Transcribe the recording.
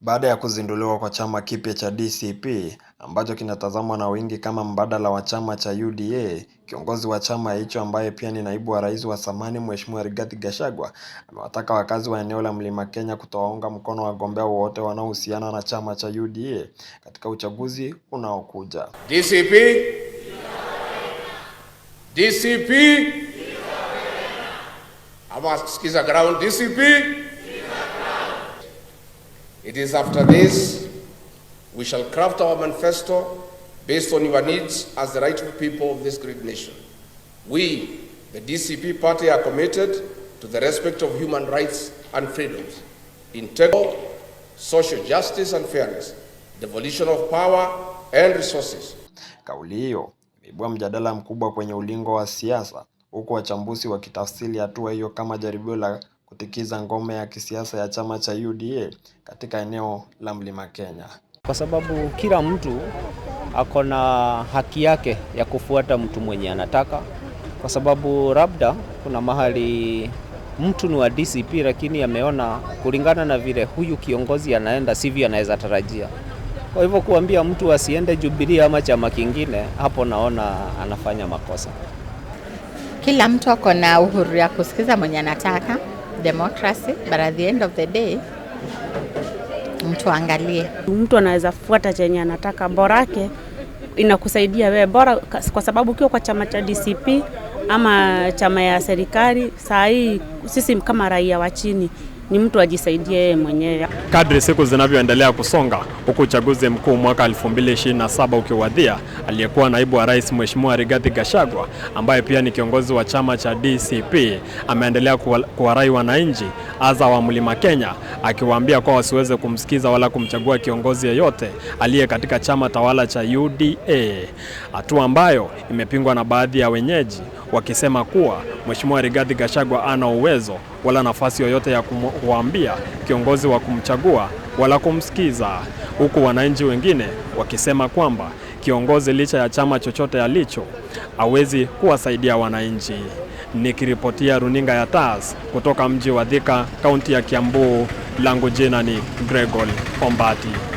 Baada ya kuzinduliwa kwa chama kipya cha DCP ambacho kinatazamwa na wengi kama mbadala wa chama cha UDA, kiongozi wa chama hicho ambaye pia ni naibu wa rais wa zamani Mheshimiwa Rigathi Gachagua amewataka wakazi wa eneo la Mlima Kenya kutowaunga mkono wagombea wote wanaohusiana na chama cha UDA katika uchaguzi unaokuja. DCP DCP, DCP. DCP. It is after this we shall craft our manifesto based on your needs as the rightful people of this great nation. We, the DCP party, are committed to the respect of human rights and freedoms, integral social justice and fairness, devolution of power and resources. Kauli hiyo imeibua mjadala mkubwa kwenye ulingo wa siasa, huku wachambuzi wakitafsiri hatua hiyo kama jaribio la kutikiza ngome ya kisiasa ya chama cha UDA katika eneo la Mlima Kenya, kwa sababu kila mtu ako na haki yake ya kufuata mtu mwenye anataka, kwa sababu labda kuna mahali mtu ni wa DCP lakini ameona kulingana na vile huyu kiongozi anaenda sivyo anaweza tarajia. Kwa hivyo kuambia mtu asiende Jubilee ama chama kingine, hapo naona anafanya makosa. Kila mtu ako na uhuru ya kusikiza mwenye anataka democracy, but at the end of the day mtu angalie, mtu anaweza fuata chenye anataka, borake inakusaidia wewe bora, kwa sababu ukiwa kwa chama cha DCP ama chama ya serikali, saa hii sisi kama raia wa chini ni mtu ajisaidie yeye mwenyewe. Kadri siku zinavyoendelea kusonga, huku uchaguzi mkuu mwaka 2027 ukiwadhia, aliyekuwa naibu wa rais Mheshimiwa Rigathi Gachagua ambaye pia ni kiongozi wa chama cha DCP ameendelea kuwarai wananchi aza wa Mlima Kenya, akiwaambia kuwa wasiweze kumsikiza wala kumchagua kiongozi yeyote aliye katika chama tawala cha UDA, hatua ambayo imepingwa na baadhi ya wenyeji wakisema kuwa Mheshimiwa Rigathi Gachagua ana uwezo wala nafasi yoyote ya kumwambia kiongozi wa kumchagua wala kumsikiza, huku wananchi wengine wakisema kwamba kiongozi licha ya chama chochote alicho hawezi kuwasaidia wananchi. Nikiripotia runinga ya TAS kutoka mji wa Thika, kaunti ya Kiambu, langu jina ni Gregory Ombati.